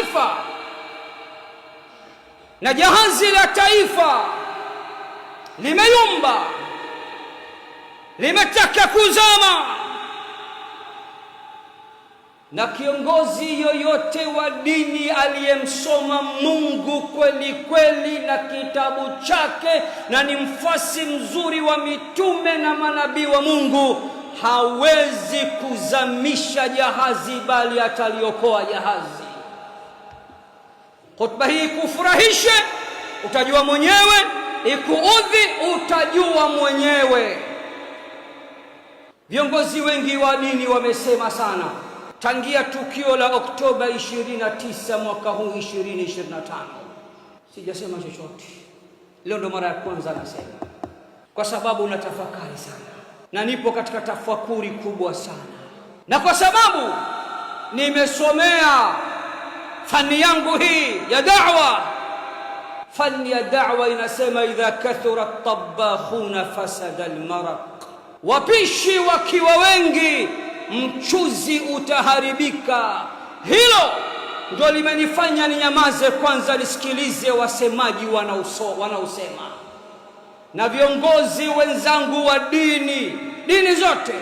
taifa na jahazi la taifa limeyumba, limetaka kuzama, na kiongozi yoyote wa dini aliyemsoma Mungu kweli kweli na kitabu chake na ni mfasi mzuri wa mitume na manabii wa Mungu hawezi kuzamisha jahazi, bali ataliokoa jahazi. Khutba hii ikufurahishe, utajua mwenyewe, ikuudhi, utajua mwenyewe. Viongozi wengi wa dini wamesema sana tangia tukio la Oktoba 29 mwaka huu 2025. Sijasema chochote leo, ndo mara ya kwanza nasema, kwa sababu natafakari sana na nipo katika tafakuri kubwa sana, na kwa sababu nimesomea fani yangu hii ya da'wa. Fani ya da'wa inasema idha kathura tabakhuna fasada almaraq, wapishi wakiwa wengi mchuzi utaharibika. Hilo ndio limenifanya ninyamaze kwanza nisikilize wasemaji wanaosema na viongozi wenzangu wa dini dini zote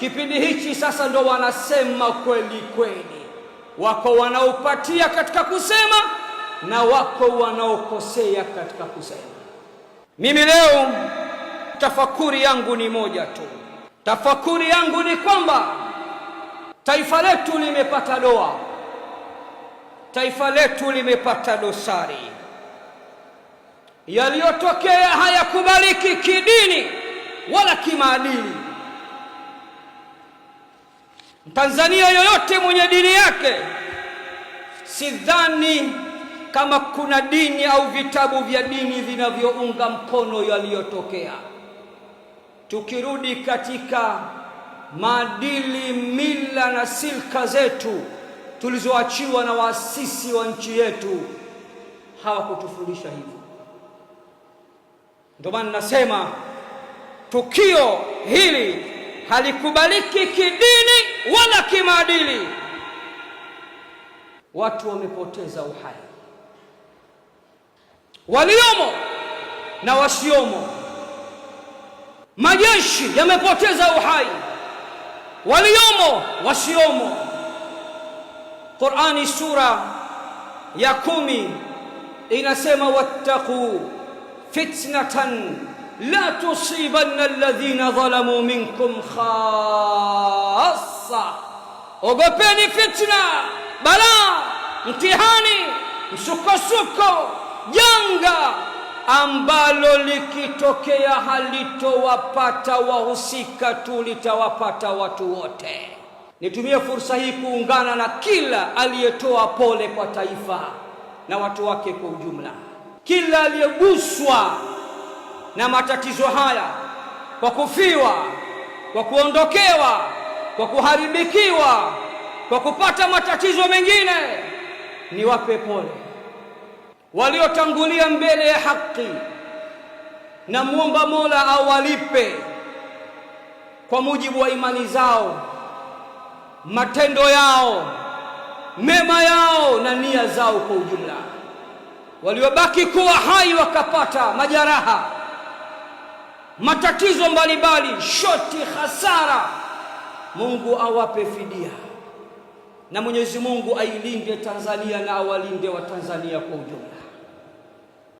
kipindi hichi sasa ndo wanasema kweli kweli wako wanaopatia katika kusema na wako wanaokosea katika kusema. Mimi leo tafakuri yangu ni moja tu. Tafakuri yangu ni kwamba taifa letu limepata doa, taifa letu limepata dosari. Yaliyotokea hayakubaliki kidini wala kimaadili. Mtanzania yoyote mwenye dini yake, sidhani kama kuna dini au vitabu vya dini vinavyounga mkono yaliyotokea. Tukirudi katika maadili, mila na silka zetu tulizoachiwa na waasisi wa nchi yetu, hawakutufundisha hivyo. Ndio maana nasema tukio hili halikubaliki kidini wala kimaadili. Watu wamepoteza uhai, waliomo na wasiomo. Majeshi yamepoteza uhai, waliomo wasiomo. Qurani sura ya kumi inasema wattaqu fitnatan la tusibanna alladhina dhalamu minkum khassa, ogopeni fitna, balaa, mtihani, msukosuko, janga ambalo likitokea halitowapata wahusika tu, litawapata watu wote. Nitumie fursa hii kuungana na kila aliyetoa pole kwa taifa na watu wake kwa ujumla, kila aliyeguswa na matatizo haya, kwa kufiwa, kwa kuondokewa, kwa kuharibikiwa, kwa kupata matatizo mengine, ni wape pole waliotangulia mbele ya haki. na muomba Mola awalipe kwa mujibu wa imani zao, matendo yao mema yao na nia zao kwa ujumla. Waliobaki kuwa hai wakapata majeraha matatizo mbalimbali, shoti, hasara, Mungu awape fidia na Mwenyezi Mungu ailinde Tanzania na awalinde Watanzania kwa ujumla.